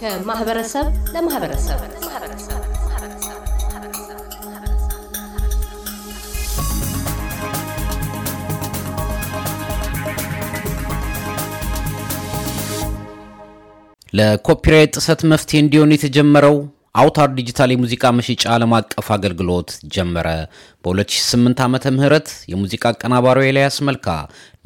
ከማህበረሰብ ለማህበረሰብ ለኮፒራይት ጥሰት መፍትሄ እንዲሆን የተጀመረው አውታር ዲጂታል የሙዚቃ መሸጫ ዓለም አቀፍ አገልግሎት ጀመረ። በ2008 ዓመተ ምህረት የሙዚቃ አቀናባሪ ኤልያስ መልካ፣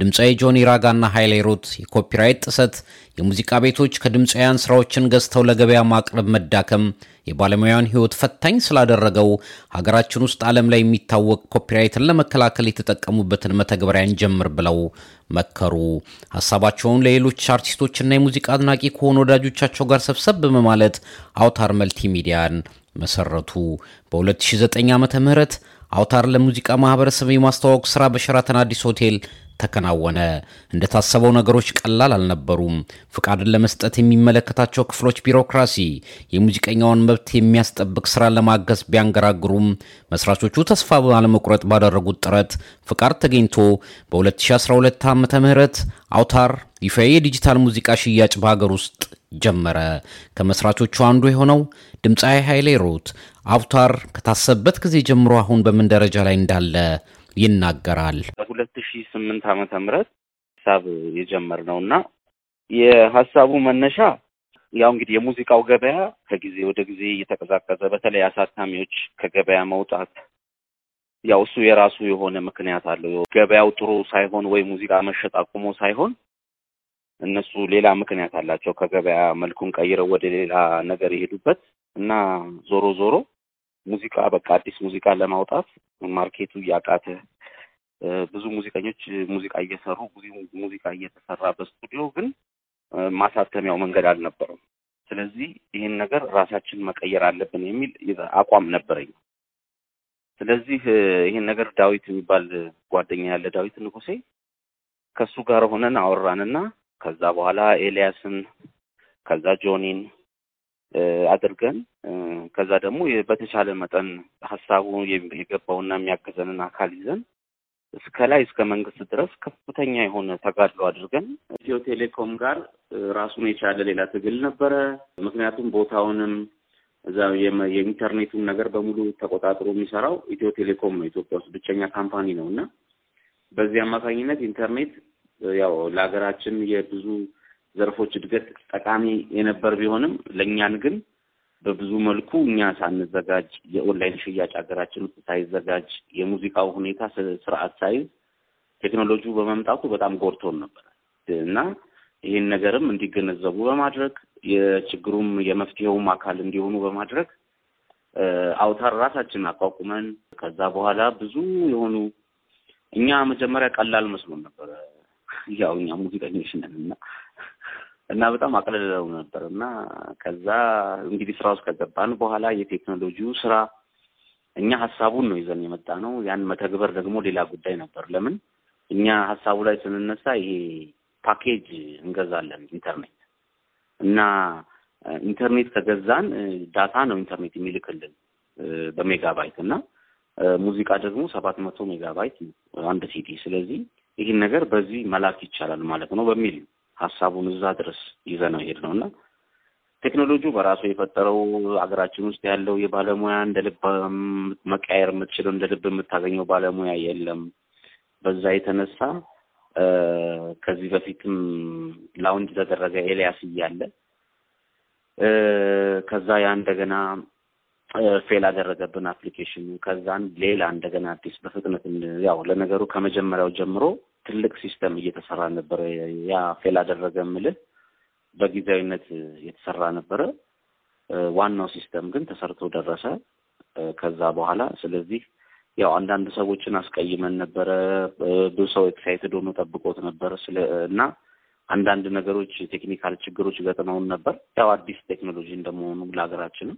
ድምፃዊ ጆኒ ራጋና ኃይሌ ሩት የኮፒራይት ጥሰት፣ የሙዚቃ ቤቶች ከድምፃውያን ስራዎችን ገዝተው ለገበያ ማቅረብ መዳከም የባለሙያን ህይወት ፈታኝ ስላደረገው ሀገራችን ውስጥ ዓለም ላይ የሚታወቅ ኮፒራይትን ለመከላከል የተጠቀሙበትን መተግበሪያ እንጀምር ብለው መከሩ። ሀሳባቸውን ለሌሎች አርቲስቶችና የሙዚቃ አድናቂ ከሆኑ ወዳጆቻቸው ጋር ሰብሰብ በማለት አውታር መልቲ ሚዲያን መሰረቱ። በ2009 ም አውታር ለሙዚቃ ማህበረሰብ የማስተዋወቅ ስራ በሸራተን አዲስ ሆቴል ተከናወነ። እንደታሰበው ነገሮች ቀላል አልነበሩም። ፍቃድን ለመስጠት የሚመለከታቸው ክፍሎች ቢሮክራሲ የሙዚቀኛውን መብት የሚያስጠብቅ ስራ ለማገዝ ቢያንገራግሩም መስራቾቹ ተስፋ ባለመቁረጥ ባደረጉት ጥረት ፍቃድ ተገኝቶ በ2012 ዓ ም አውታር ይፋ የዲጂታል ሙዚቃ ሽያጭ በሀገር ውስጥ ጀመረ። ከመስራቾቹ አንዱ የሆነው ድምፃዊ ኃይሌ ሮት አውታር ከታሰበት ጊዜ ጀምሮ አሁን በምን ደረጃ ላይ እንዳለ ይናገራል። በሁለት ሺ ስምንት ዓመተ ምህረት ሀሳብ ነው እና የሀሳቡ መነሻ ያው እንግዲህ የሙዚቃው ገበያ ከጊዜ ወደ ጊዜ እየተቀዛቀዘ በተለይ አሳታሚዎች ከገበያ መውጣት ያው እሱ የራሱ የሆነ ምክንያት አለው። ገበያው ጥሩ ሳይሆን ወይ ሙዚቃ መሸጥ አቁሞ ሳይሆን እነሱ ሌላ ምክንያት አላቸው ከገበያ መልኩን ቀይረው ወደ ሌላ ነገር የሄዱበት እና ዞሮ ዞሮ ሙዚቃ በቃ አዲስ ሙዚቃ ለማውጣት ማርኬቱ እያቃተ ብዙ ሙዚቀኞች ሙዚቃ እየሰሩ ብዙ ሙዚቃ እየተሰራ በስቱዲዮ ግን ማሳተሚያው መንገድ አልነበረም። ስለዚህ ይህን ነገር ራሳችን መቀየር አለብን የሚል አቋም ነበረኝ። ስለዚህ ይህን ነገር ዳዊት የሚባል ጓደኛ ያለ ዳዊት ንጉሴ ከሱ ጋር ሆነን አወራንና ከዛ በኋላ ኤልያስን ከዛ ጆኒን አድርገን ከዛ ደግሞ በተቻለ መጠን ሀሳቡ የገባውና የሚያግዘንን አካል ይዘን እስከ ላይ እስከ መንግስት ድረስ ከፍተኛ የሆነ ተጋድሎ አድርገን ኢትዮ ቴሌኮም ጋር ራሱን የቻለ ሌላ ትግል ነበረ። ምክንያቱም ቦታውንም እዛ የኢንተርኔቱን ነገር በሙሉ ተቆጣጥሮ የሚሰራው ኢትዮ ቴሌኮም ነው። ኢትዮጵያ ውስጥ ብቸኛ ካምፓኒ ነው እና በዚህ አማካኝነት ኢንተርኔት ያው ለሀገራችን የብዙ ዘርፎች እድገት ጠቃሚ የነበር ቢሆንም ለእኛን ግን በብዙ መልኩ እኛ ሳንዘጋጅ የኦንላይን ሽያጭ ሀገራችን ውስጥ ሳይዘጋጅ የሙዚቃው ሁኔታ ስርዓት ሳይዝ ቴክኖሎጂው በመምጣቱ በጣም ጎድቶን ነበር እና ይህን ነገርም እንዲገነዘቡ በማድረግ የችግሩም የመፍትሄውም አካል እንዲሆኑ በማድረግ አውታር ራሳችን አቋቁመን ከዛ በኋላ ብዙ የሆኑ እኛ መጀመሪያ ቀላል መስሎን ነበረ ያው እኛ ሙዚቀኞች ነን እና እና በጣም አቅልለው ነበር እና ከዛ እንግዲህ ስራ ውስጥ ከገባን በኋላ የቴክኖሎጂው ስራ እኛ ሀሳቡን ነው ይዘን የመጣ ነው። ያን መተግበር ደግሞ ሌላ ጉዳይ ነበር። ለምን እኛ ሀሳቡ ላይ ስንነሳ ይሄ ፓኬጅ እንገዛለን ኢንተርኔት እና ኢንተርኔት ከገዛን ዳታ ነው ኢንተርኔት የሚልክልን በሜጋባይት እና ሙዚቃ ደግሞ ሰባት መቶ ሜጋባይት አንድ ሲዲ። ስለዚህ ይህን ነገር በዚህ መላክ ይቻላል ማለት ነው በሚል ሀሳቡን እዛ ድረስ ይዘነው ሄድ ነው እና ቴክኖሎጂው በራሱ የፈጠረው ሀገራችን ውስጥ ያለው የባለሙያ እንደ ልብ መቀየር የምትችለው እንደ ልብ የምታገኘው ባለሙያ የለም። በዛ የተነሳ ከዚህ በፊትም ላውንጅ ተደረገ ኤልያስ እያለ ከዛ ያ እንደገና ፌል አደረገብን አፕሊኬሽኑ። ከዛን ሌላ እንደገና አዲስ በፍጥነት ያው ለነገሩ ከመጀመሪያው ጀምሮ ትልቅ ሲስተም እየተሰራ ነበረ። ያ ፌል አደረገ የምልህ በጊዜያዊነት የተሰራ ነበረ። ዋናው ሲስተም ግን ተሰርቶ ደረሰ ከዛ በኋላ። ስለዚህ ያው አንዳንድ ሰዎችን አስቀይመን ነበረ። ብዙ ሰው ኤክሳይትድ ሆኖ ጠብቆት ነበር እና አንዳንድ ነገሮች ቴክኒካል ችግሮች ገጥመውን ነበር። ያው አዲስ ቴክኖሎጂ እንደመሆኑ ለሀገራችንም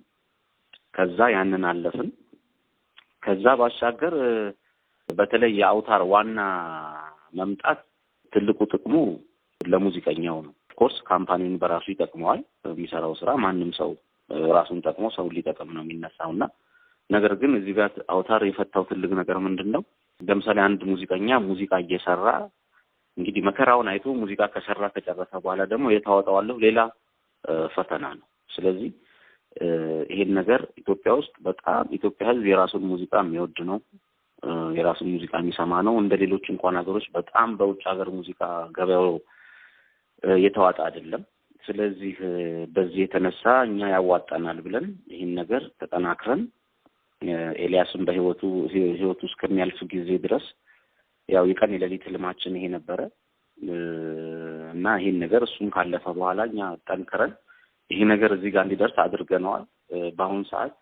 ከዛ ያንን አለፍን። ከዛ ባሻገር በተለይ የአውታር ዋና መምጣት ትልቁ ጥቅሙ ለሙዚቀኛው ነው። ኦፍኮርስ ካምፓኒውን በራሱ ይጠቅመዋል። የሚሰራው ስራ ማንም ሰው ራሱን ጠቅሞ ሰውን ሊጠቅም ነው የሚነሳው እና ነገር ግን እዚህ ጋር አውታር የፈታው ትልቅ ነገር ምንድን ነው? ለምሳሌ አንድ ሙዚቀኛ ሙዚቃ እየሰራ እንግዲህ መከራውን አይቶ ሙዚቃ ከሰራ ከጨረሰ በኋላ ደግሞ የታወጣዋለሁ ሌላ ፈተና ነው። ስለዚህ ይሄን ነገር ኢትዮጵያ ውስጥ በጣም ኢትዮጵያ ሕዝብ የራሱን ሙዚቃ የሚወድ ነው። የራሱን ሙዚቃ የሚሰማ ነው። እንደ ሌሎች እንኳን ሀገሮች በጣም በውጭ ሀገር ሙዚቃ ገበያው የተዋጠ አይደለም። ስለዚህ በዚህ የተነሳ እኛ ያዋጣናል ብለን ይህን ነገር ተጠናክረን ኤልያስን በህይወቱ ህይወቱ እስከሚያልፍ ጊዜ ድረስ ያው የቀን የሌሊት ህልማችን ይሄ ነበረ እና ይህን ነገር እሱም ካለፈ በኋላ እኛ ጠንክረን ይህ ነገር እዚህ ጋር እንዲደርስ አድርገነዋል። በአሁኑ ሰዓት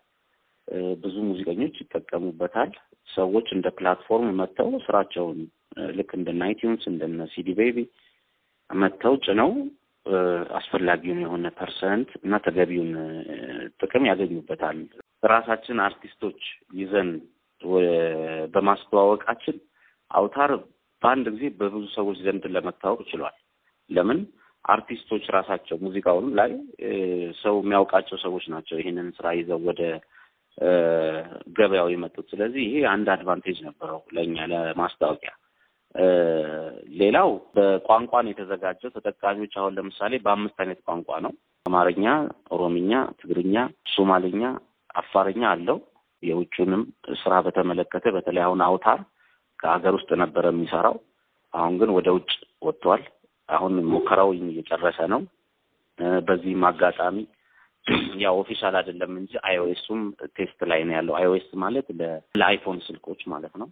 ብዙ ሙዚቀኞች ይጠቀሙበታል። ሰዎች እንደ ፕላትፎርም መጥተው ስራቸውን ልክ እንደ ናይቲዩንስ እንደነ ሲዲ ቤቢ መጥተው ጭነው አስፈላጊውን የሆነ ፐርሰንት እና ተገቢውን ጥቅም ያገኙበታል። ራሳችን አርቲስቶች ይዘን በማስተዋወቃችን አውታር በአንድ ጊዜ በብዙ ሰዎች ዘንድ ለመታወቅ ችሏል። ለምን አርቲስቶች ራሳቸው ሙዚቃውንም ላይ ሰው የሚያውቃቸው ሰዎች ናቸው። ይህንን ስራ ይዘው ወደ ገበያው የመጡት። ስለዚህ ይሄ አንድ አድቫንቴጅ ነበረው ለእኛ ለማስታወቂያ። ሌላው በቋንቋን የተዘጋጀው ተጠቃሚዎች አሁን ለምሳሌ በአምስት አይነት ቋንቋ ነው። አማርኛ፣ ኦሮምኛ፣ ትግርኛ፣ ሶማሌኛ፣ አፋርኛ አለው። የውጭንም ስራ በተመለከተ በተለይ አሁን አውታር ከሀገር ውስጥ ነበረ የሚሰራው። አሁን ግን ወደ ውጭ ወጥቷል። አሁን ሙከራው እየጨረሰ ነው። በዚህም አጋጣሚ ያው ኦፊሻል አይደለም እንጂ አይኦኤስም ቴስት ላይ ነው ያለው። አይኦኤስ ማለት ለአይፎን ስልኮች ማለት ነው።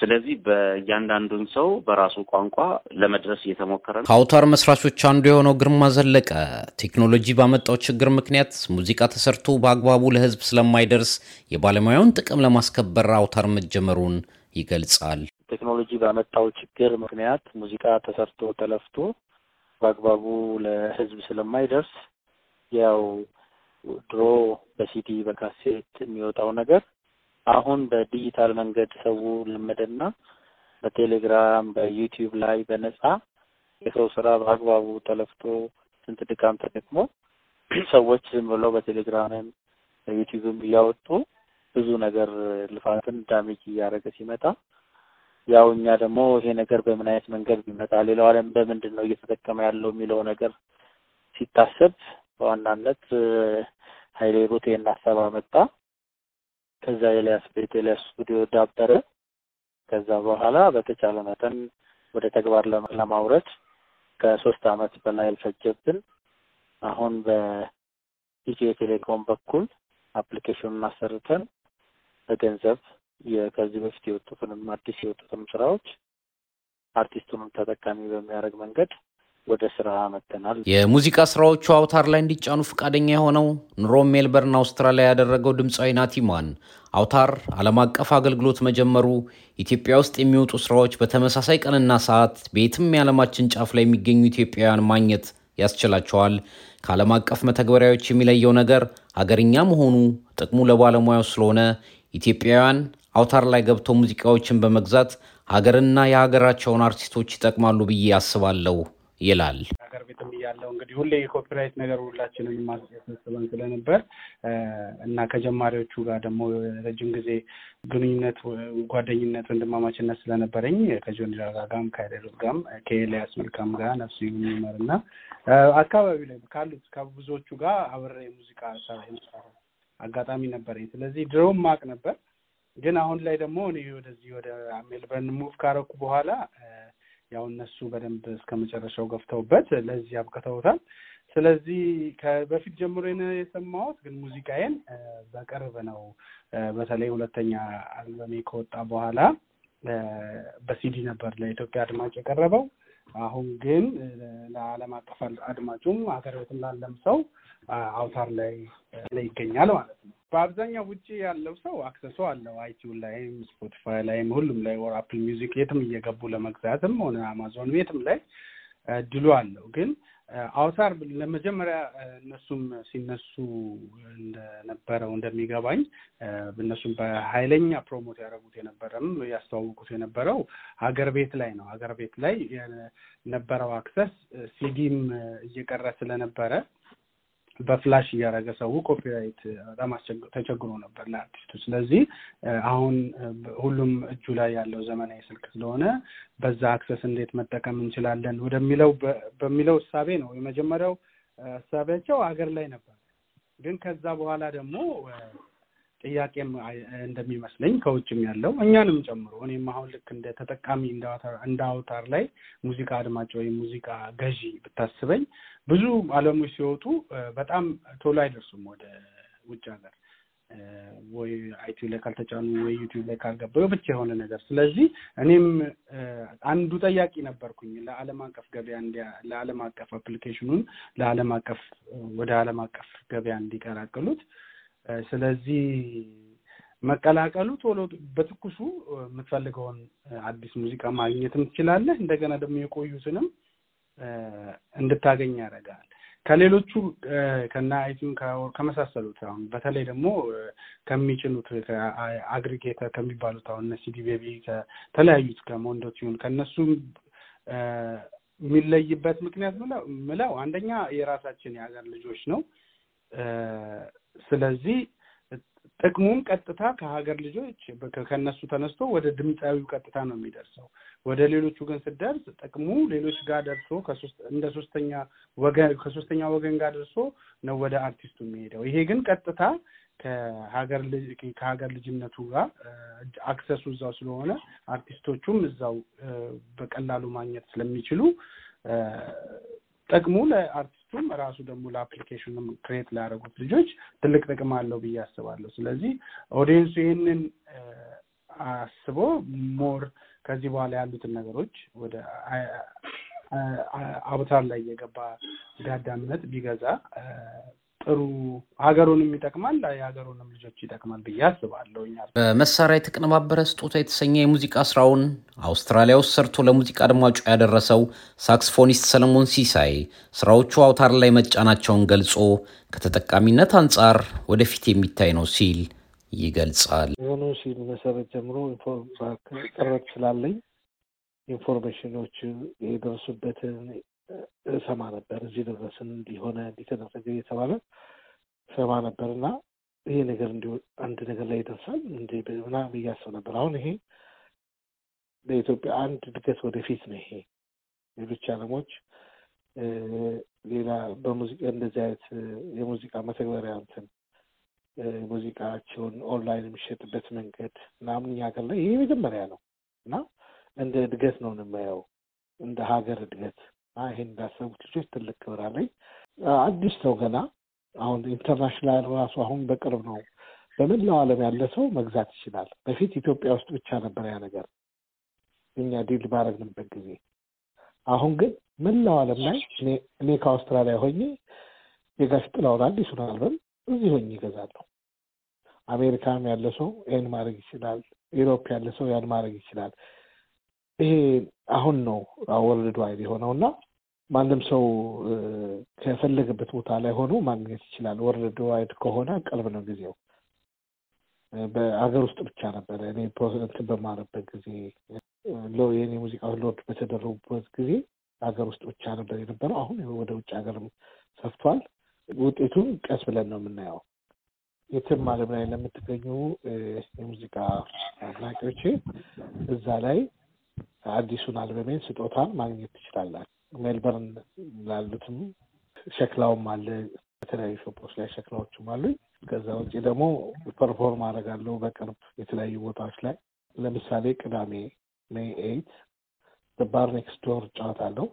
ስለዚህ በእያንዳንዱን ሰው በራሱ ቋንቋ ለመድረስ እየተሞከረ ነው። ከአውታር መስራቾች አንዱ የሆነው ግርማ ዘለቀ ቴክኖሎጂ ባመጣው ችግር ምክንያት ሙዚቃ ተሰርቶ በአግባቡ ለሕዝብ ስለማይደርስ የባለሙያውን ጥቅም ለማስከበር አውታር መጀመሩን ይገልጻል። ቴክኖሎጂ ባመጣው ችግር ምክንያት ሙዚቃ ተሰርቶ ተለፍቶ በአግባቡ ለሕዝብ ስለማይደርስ ያው ድሮ በሲዲ በካሴት የሚወጣው ነገር አሁን በዲጂታል መንገድ ሰው ልመደና በቴሌግራም በዩቲዩብ ላይ በነጻ የሰው ስራ በአግባቡ ተለፍቶ ስንት ድካም ተደክሞ ሰዎች ዝም ብለው በቴሌግራምም በዩቲዩብም እያወጡ ብዙ ነገር ልፋትን ዳሜጅ እያደረገ ሲመጣ ያው እኛ ደግሞ ይሄ ነገር በምን አይነት መንገድ ቢመጣ ሌላው ዓለም በምንድን ነው እየተጠቀመ ያለው የሚለው ነገር ሲታሰብ በዋናነት ሀይሌ እና ሰባ መጣ። ከዛ ኤልያስ ቤት ኤልያስ ስቱዲዮ ዳበረ። ከዛ በኋላ በተቻለ መጠን ወደ ተግባር ለማውረድ ከሶስት አመት በላይ አልፈጀብን። አሁን በኢትዮ ቴሌኮም በኩል አፕሊኬሽኑን አሰርተን በገንዘብ ከዚህ በፊት የወጡትንም አዲስ የወጡትንም ስራዎች አርቲስቱንም ተጠቃሚ በሚያደርግ መንገድ ወደ ስራ መጥተናል። የሙዚቃ ስራዎቹ አውታር ላይ እንዲጫኑ ፈቃደኛ የሆነው ኑሮ ሜልበርን አውስትራሊያ ያደረገው ድምፃዊ ናቲማን አውታር ዓለም አቀፍ አገልግሎት መጀመሩ ኢትዮጵያ ውስጥ የሚወጡ ስራዎች በተመሳሳይ ቀንና ሰዓት በየትም የዓለማችን ጫፍ ላይ የሚገኙ ኢትዮጵያውያን ማግኘት ያስችላቸዋል። ከዓለም አቀፍ መተግበሪያዎች የሚለየው ነገር ሀገርኛ መሆኑ ጥቅሙ ለባለሙያው ስለሆነ ኢትዮጵያውያን አውታር ላይ ገብተው ሙዚቃዎችን በመግዛት ሀገርና የሀገራቸውን አርቲስቶች ይጠቅማሉ ብዬ አስባለሁ። ይላል። ሀገር ቤትም እያለው እንግዲህ ሁሌ የኮፒራይት ነገር ሁላችንም ማስበን ስለነበር እና ከጀማሪዎቹ ጋር ደግሞ ረጅም ጊዜ ግንኙነት፣ ጓደኝነት፣ ወንድማማችነት ስለነበረኝ ከጆን ዲራጋ ጋም ከሌሎት ጋም ከኤልያስ መልካም ጋር ነፍሱ የሚመር እና አካባቢ ላይ ካሉት ከብዙዎቹ ጋር አብሬ ሙዚቃ አጋጣሚ ነበረኝ። ስለዚህ ድሮም ማቅ ነበር ግን አሁን ላይ ደግሞ እኔ ወደዚህ ወደ ሜልበርን ሙቭ ካረኩ በኋላ ያው እነሱ በደንብ እስከ መጨረሻው ገፍተውበት ለዚህ አብቅተውታል። ስለዚህ ከበፊት ጀምሮ የሰማሁት ግን ሙዚቃዬን በቅርብ ነው። በተለይ ሁለተኛ አልበሜ ከወጣ በኋላ በሲዲ ነበር ለኢትዮጵያ አድማጭ የቀረበው። አሁን ግን ለዓለም አቀፍ አድማጩም ሀገር ቤትም ላለም ሰው አውታር ላይ ይገኛል ማለት ነው። በአብዛኛው ውጭ ያለው ሰው አክሰሶ አለው። አይቲዩን ላይም ስፖቲፋይ ላይም ሁሉም ላይ ወር አፕል ሚውዚክ የትም እየገቡ ለመግዛትም ሆነ አማዞን የትም ላይ እድሉ አለው ግን አውታር ለመጀመሪያ እነሱም ሲነሱ እንደነበረው እንደሚገባኝ እነሱም በኃይለኛ ፕሮሞት ያደረጉት የነበረም ያስተዋውቁት የነበረው ሀገር ቤት ላይ ነው። ሀገር ቤት ላይ ነበረው አክሰስ ሲዲም እየቀረ ስለነበረ በፍላሽ እያደረገ ሰው ኮፒራይት በጣም ተቸግሮ ነበር ለአርቲስቱ። ስለዚህ አሁን ሁሉም እጁ ላይ ያለው ዘመናዊ ስልክ ስለሆነ በዛ አክሰስ እንዴት መጠቀም እንችላለን ወደሚለው በሚለው እሳቤ ነው። የመጀመሪያው እሳቤያቸው አገር ላይ ነበር፣ ግን ከዛ በኋላ ደግሞ ጥያቄም እንደሚመስለኝ ከውጭም ያለው እኛንም ጨምሮ እኔም አሁን ልክ እንደ ተጠቃሚ እንደ አውታር ላይ ሙዚቃ አድማጭ ወይም ሙዚቃ ገዢ ብታስበኝ ብዙ አለሞች ሲወጡ በጣም ቶሎ አይደርሱም ወደ ውጭ ሀገር ወይ አይቲ ላይ ካልተጫኑ ወይ ዩቲዩብ ላይ ካልገባ ብቻ የሆነ ነገር። ስለዚህ እኔም አንዱ ጠያቂ ነበርኩኝ ለአለም አቀፍ ገበያ ለአለም አቀፍ አፕሊኬሽኑን ለአለም አቀፍ ወደ አለም አቀፍ ገበያ እንዲቀላቅሉት ስለዚህ መቀላቀሉ ቶሎ በትኩሱ የምትፈልገውን አዲስ ሙዚቃ ማግኘትም ትችላለህ። እንደገና ደግሞ የቆዩትንም እንድታገኝ ያደርጋል። ከሌሎቹ ከና አይቲዩን ከመሳሰሉት አሁን በተለይ ደግሞ ከሚጭኑት አግሪጌተር ከሚባሉት አሁን እነ ሲዲ ቤቢ ከተለያዩት ከሞንዶ ቲዩን ከእነሱ የሚለይበት ምክንያት ምለው አንደኛ የራሳችን የሀገር ልጆች ነው ስለዚህ ጥቅሙም ቀጥታ ከሀገር ልጆች ከነሱ ተነስቶ ወደ ድምፃዊው ቀጥታ ነው የሚደርሰው። ወደ ሌሎቹ ግን ስደርስ ጥቅሙ ሌሎች ጋር ደርሶ እንደ ሶስተኛ ወገን ከሶስተኛ ወገን ጋር ደርሶ ነው ወደ አርቲስቱ የሚሄደው። ይሄ ግን ቀጥታ ከሀገር ልጅነቱ ጋር አክሰሱ እዛው ስለሆነ አርቲስቶቹም እዛው በቀላሉ ማግኘት ስለሚችሉ ጥቅሙ ለአርቲስት እሱም ራሱ ደግሞ ለአፕሊኬሽኑም ክሬት ላደረጉት ልጆች ትልቅ ጥቅም አለው ብዬ አስባለሁ። ስለዚህ ኦዲየንሱ ይህንን አስቦ ሞር ከዚህ በኋላ ያሉትን ነገሮች ወደ አውታር ላይ የገባ ጋዳምነት ቢገዛ ጥሩ ሀገሩንም ይጠቅማል፣ የሀገሩንም ልጆች ይጠቅማል ብዬ አስባለሁ። በመሳሪያ የተቀነባበረ ስጦታ የተሰኘ የሙዚቃ ስራውን አውስትራሊያ ውስጥ ሰርቶ ለሙዚቃ አድማጩ ያደረሰው ሳክስፎኒስት ሰለሞን ሲሳይ ስራዎቹ አውታር ላይ መጫናቸውን ገልጾ ከተጠቃሚነት አንጻር ወደፊት የሚታይ ነው ሲል ይገልጻል። የሆኑ ሲል መሰረት ጀምሮ ቅርበት ስላለኝ ኢንፎርሜሽኖች የደረሱበትን እሰማ ነበር። እዚህ ደረስን እንዲሆነ እንዲተደረገ እየተባለ ሰማ ነበር እና ይሄ ነገር እንዲ አንድ ነገር ላይ ይደርሳል እንደ ምናምን እያሰብ ነበር። አሁን ይሄ ለኢትዮጵያ አንድ እድገት ወደፊት ነው። ይሄ ሌሎች አለሞች ሌላ በሙዚቃ እንደዚህ አይነት የሙዚቃ መተግበሪያ እንትን ሙዚቃቸውን ኦንላይን የሚሸጥበት መንገድ ምናምን እኛ ሀገር ላይ ይሄ መጀመሪያ ነው እና እንደ እድገት ነው እንማየው እንደ ሀገር እድገት እና ይሄን እንዳሰቡት ልጆች ትልቅ ክብር አለኝ። አዲስ ሰው ገና አሁን ኢንተርናሽናል ራሱ አሁን በቅርብ ነው በመላው ዓለም ያለ ሰው መግዛት ይችላል። በፊት ኢትዮጵያ ውስጥ ብቻ ነበር ያ ነገር እኛ ዲል ባረግንበት ጊዜ። አሁን ግን መላው ዓለም ላይ እኔ ከአውስትራሊያ ሆኜ የጋሽ ጥላውን አዲሱን አልበም እዚህ ሆኜ ይገዛለሁ። አሜሪካም ያለ ሰው ይህን ማድረግ ይችላል። ኢሮፕ ያለ ሰው ያን ማድረግ ይችላል። ይሄ አሁን ነው ወርልድ ዋይድ የሆነው እና ማንም ሰው ከፈለገበት ቦታ ላይ ሆኖ ማግኘት ይችላል። ወርልድ ከሆነ ቅርብ ነው ጊዜው። በአገር ውስጥ ብቻ ነበረ እኔ እንትን በማረበት ጊዜ የኔ ሙዚቃ ሎድ በተደረጉበት ጊዜ አገር ውስጥ ብቻ ነበር የነበረው። አሁን ወደ ውጭ ሀገርም ሰፍቷል። ውጤቱን ቀስ ብለን ነው የምናየው። የትም ዓለም ላይ ለምትገኙ የሙዚቃ አድናቂዎች እዛ ላይ አዲሱን አልበሜን ስጦታን ማግኘት ትችላላችሁ። ሜልበርን ላሉትም ሸክላውም አለ። በተለያዩ ሾፖች ላይ ሸክላዎችም አሉኝ። ከዛ ውጭ ደግሞ ፐርፎርም አደርጋለሁ በቅርብ የተለያዩ ቦታዎች ላይ ለምሳሌ ቅዳሜ ሜይ ኤይት ባር ኔክስት ዶር ጨዋታ አለው።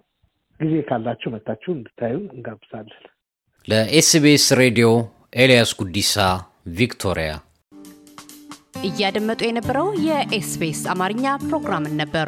ጊዜ ካላችሁ መታችሁ እንድታዩን እንጋብዛለን። ለኤስቢኤስ ሬዲዮ ኤልያስ ጉዲሳ ቪክቶሪያ። እያደመጡ የነበረው የኤስቢኤስ አማርኛ ፕሮግራምን ነበር።